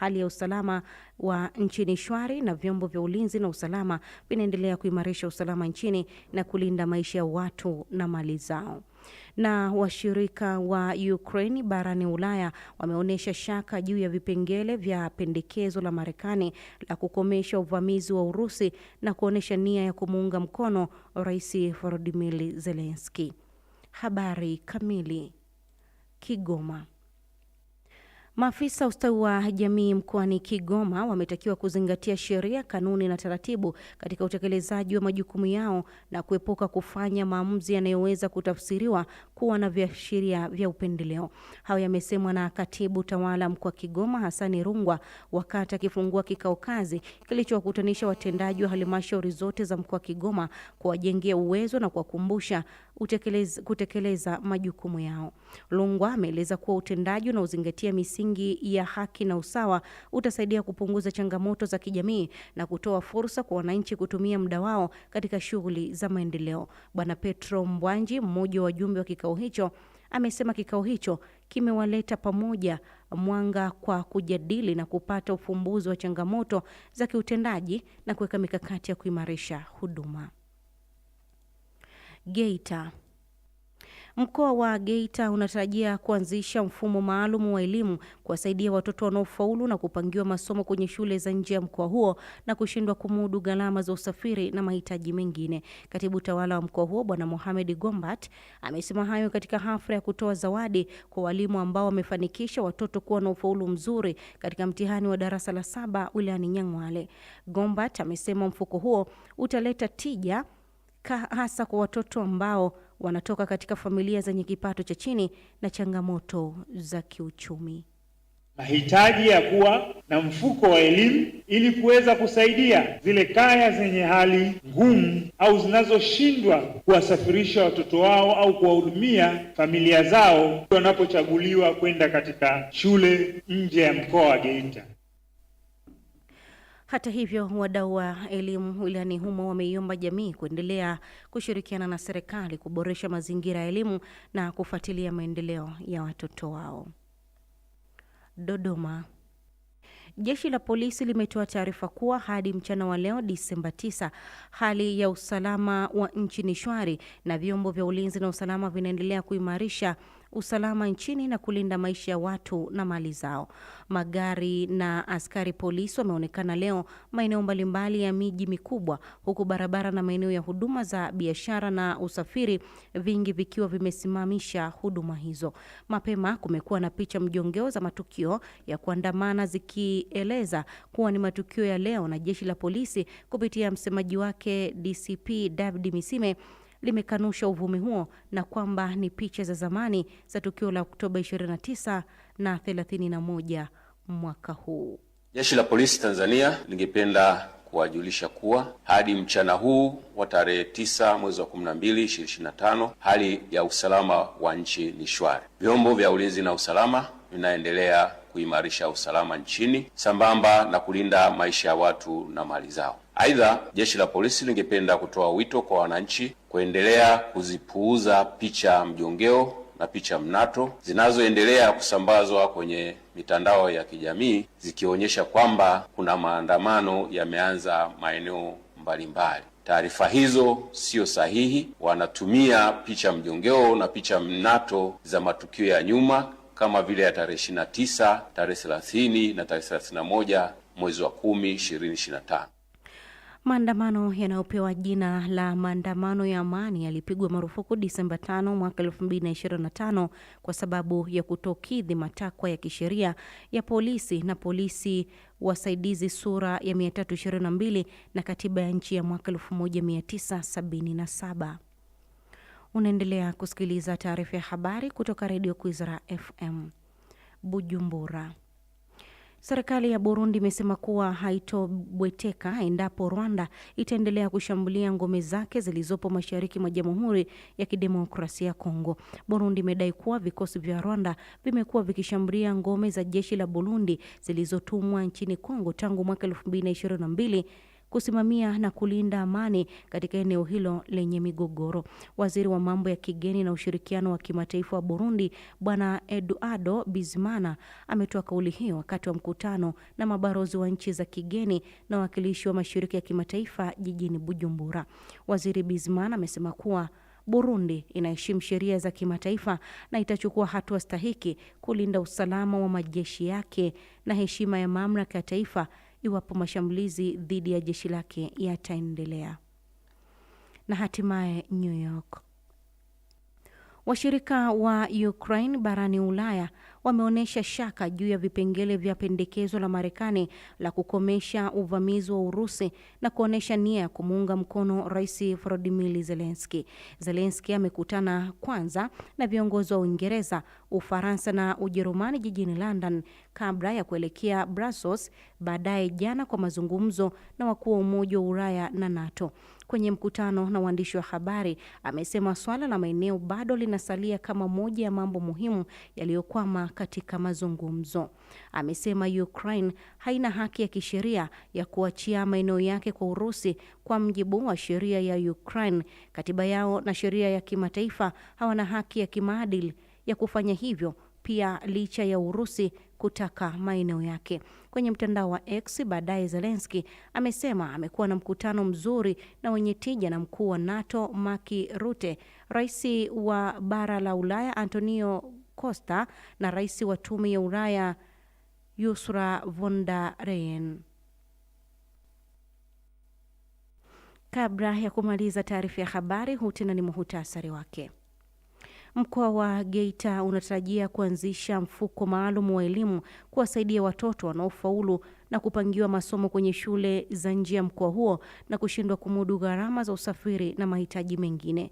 hali ya usalama wa nchini shwari na vyombo vya ulinzi na usalama vinaendelea kuimarisha usalama nchini na kulinda maisha ya watu na mali zao na washirika wa Ukraine barani Ulaya wameonyesha shaka juu ya vipengele vya pendekezo la Marekani la kukomesha uvamizi wa Urusi na kuonyesha nia ya kumuunga mkono Rais volodimir zelenski Habari kamili. Kigoma. Maafisa ustawi wa jamii mkoani Kigoma wametakiwa kuzingatia sheria, kanuni na taratibu katika utekelezaji wa majukumu yao na kuepuka kufanya maamuzi yanayoweza kutafsiriwa kuwa na viashiria vya upendeleo. Hayo yamesemwa na katibu tawala mkoa Kigoma Hasani Rungwa wakati akifungua kikao kazi kilichowakutanisha watendaji wa halmashauri zote za mkoa Kigoma kuwajengea uwezo na kuwakumbusha kutekeleza majukumu yao. Rungwa ameeleza kuwa utendaji unaozingatia misingi misingi ya haki na usawa utasaidia kupunguza changamoto za kijamii na kutoa fursa kwa wananchi kutumia muda wao katika shughuli za maendeleo. Bwana Petro Mbwanji, mmoja wa wajumbe wa kikao hicho, amesema kikao hicho kimewaleta pamoja mwanga kwa kujadili na kupata ufumbuzi wa changamoto za kiutendaji na kuweka mikakati ya kuimarisha huduma. Geita Mkoa wa Geita unatarajia kuanzisha mfumo maalum wa elimu kuwasaidia watoto wanaofaulu na kupangiwa masomo kwenye shule za nje ya mkoa huo na kushindwa kumudu gharama za usafiri na mahitaji mengine. Katibu tawala wa mkoa huo Bwana Mohamed Gombat amesema hayo katika hafla ya kutoa zawadi kwa walimu ambao wamefanikisha watoto kuwa na ufaulu mzuri katika mtihani wa darasa la saba wilayani nyangwale Gombat amesema mfuko huo utaleta tija hasa kwa watoto ambao wanatoka katika familia zenye kipato cha chini na changamoto za kiuchumi. Mahitaji ya kuwa na mfuko wa elimu ili kuweza kusaidia zile kaya zenye hali ngumu au zinazoshindwa kuwasafirisha watoto wao au kuwahudumia familia zao wanapochaguliwa kwenda katika shule nje ya mkoa wa Geita. Hata hivyo, wadau wa elimu wilayani humo wameiomba jamii kuendelea kushirikiana na serikali kuboresha mazingira ya elimu na kufuatilia maendeleo ya watoto wao. Dodoma. Jeshi la polisi limetoa taarifa kuwa hadi mchana wa leo Disemba 9, hali ya usalama wa nchi ni shwari na vyombo vya ulinzi na usalama vinaendelea kuimarisha usalama nchini na kulinda maisha ya watu na mali zao. Magari na askari polisi wameonekana leo maeneo mbalimbali ya miji mikubwa, huku barabara na maeneo ya huduma za biashara na usafiri vingi vikiwa vimesimamisha huduma hizo. Mapema kumekuwa na picha mjongeo za matukio ya kuandamana ziki akieleza kuwa ni matukio ya leo na jeshi la polisi kupitia msemaji wake DCP David Misime limekanusha uvumi huo na kwamba ni picha za zamani za tukio la Oktoba 29 na 31 mwaka huu. Jeshi la polisi Tanzania lingependa kuwajulisha kuwa hadi mchana huu wa tarehe 9 mwezi wa 12 2025, hali ya usalama wa nchi ni shwari. Vyombo vya ulinzi na usalama vinaendelea kuimarisha usalama nchini sambamba na kulinda maisha ya watu na mali zao. Aidha, jeshi la polisi lingependa kutoa wito kwa wananchi kuendelea kuzipuuza picha mjongeo na picha mnato zinazoendelea kusambazwa kwenye mitandao ya kijamii zikionyesha kwamba kuna maandamano yameanza maeneo mbalimbali. Taarifa hizo sio sahihi. Wanatumia picha mjongeo na picha mnato za matukio ya nyuma kama vile ya tarehe 29, tarehe 30 na tarehe 31 mwezi wa 10 2025. Maandamano yanayopewa jina la maandamano ya amani yalipigwa marufuku Disemba 5 mwaka 2025 kwa sababu ya kutokidhi matakwa ya kisheria ya polisi na polisi wasaidizi sura ya 322 na katiba ya nchi ya mwaka 1977. Unaendelea kusikiliza taarifa ya habari kutoka redio Kwizera FM Bujumbura. Serikali ya Burundi imesema kuwa haitobweteka endapo Rwanda itaendelea kushambulia ngome zake zilizopo mashariki mwa Jamhuri ya Kidemokrasia ya Kongo. Burundi imedai kuwa vikosi vya Rwanda vimekuwa vikishambulia ngome za jeshi la Burundi zilizotumwa nchini Kongo tangu mwaka mbili kusimamia na kulinda amani katika eneo hilo lenye migogoro. Waziri wa mambo ya kigeni na ushirikiano wa kimataifa wa Burundi, Bwana Eduardo Bizimana ametoa kauli hiyo wakati wa mkutano na mabalozi wa nchi za kigeni na wawakilishi wa mashirika ya kimataifa jijini Bujumbura. Waziri Bizimana amesema kuwa Burundi inaheshimu sheria za kimataifa na itachukua hatua stahiki kulinda usalama wa majeshi yake na heshima ya mamlaka ya taifa iwapo mashambulizi dhidi ya jeshi lake yataendelea. Na hatimaye New York, washirika wa Ukraine barani Ulaya wameonyesha shaka juu ya vipengele vya pendekezo la Marekani la kukomesha uvamizi wa Urusi na kuonyesha nia ya kumuunga mkono Rais Volodymyr Zelensky. Zelensky amekutana kwanza na viongozi wa Uingereza, Ufaransa na Ujerumani jijini London kabla ya kuelekea Brussels baadaye jana kwa mazungumzo na wakuu wa Umoja wa Ulaya na NATO kwenye mkutano na waandishi wa habari, amesema swala la maeneo bado linasalia kama moja ya mambo muhimu yaliyokwama katika mazungumzo. Amesema Ukraine haina haki ya kisheria ya kuachia maeneo yake kwa Urusi kwa mjibu wa sheria ya Ukraine, katiba yao na sheria ya kimataifa. Hawana haki ya kimaadili ya kufanya hivyo pia licha ya Urusi kutaka maeneo yake. Kwenye mtandao wa X baadaye, zelenski amesema amekuwa na mkutano mzuri na wenye tija na mkuu wa NATO Mark Rutte, rais wa bara la Ulaya Antonio Costa na rais wa tume ya Ulaya Ursula von der Leyen. Kabla ya kumaliza taarifa ya habari, huu tena ni muhutasari wake. Mkoa wa Geita unatarajia kuanzisha mfuko maalum wa elimu kuwasaidia watoto wanaofaulu na kupangiwa masomo kwenye shule za nje ya mkoa huo na kushindwa kumudu gharama za usafiri na mahitaji mengine.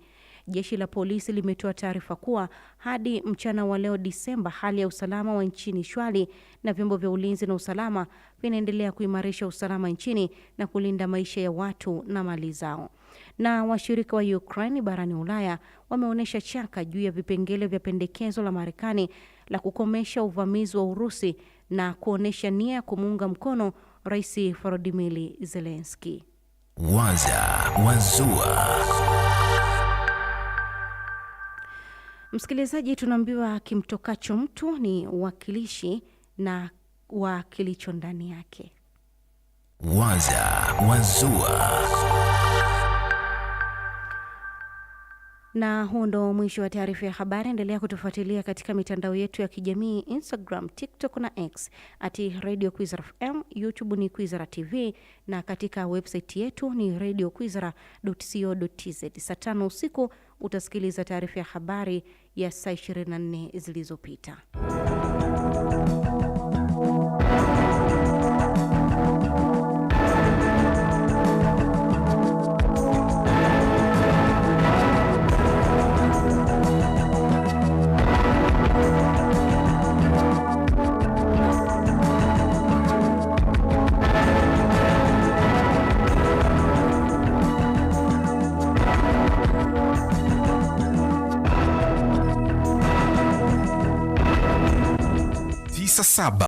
Jeshi la polisi limetoa taarifa kuwa hadi mchana wa leo Disemba, hali ya usalama wa nchini shwari na vyombo vya ulinzi na usalama vinaendelea kuimarisha usalama nchini na kulinda maisha ya watu na mali zao na washirika wa Ukraine barani Ulaya wameonyesha chaka juu ya vipengele vya pendekezo la Marekani la kukomesha uvamizi wa Urusi na kuonyesha nia ya kumuunga mkono Rais Volodymyr Zelensky. Waza Wazua. Msikilizaji, tunaambiwa kimtokacho mtu ni uwakilishi na wa kilicho ndani yake. Waza Wazua. Na huo ndo mwisho wa taarifa ya habari. Endelea kutufuatilia katika mitandao yetu ya kijamii Instagram, TikTok na X ati Radio Kwizera FM, YouTube ni Kwizera TV na katika website yetu ni radio kwizera.co.tz. Saa tano usiku utasikiliza taarifa ya habari ya saa 24 zilizopita. Sabah.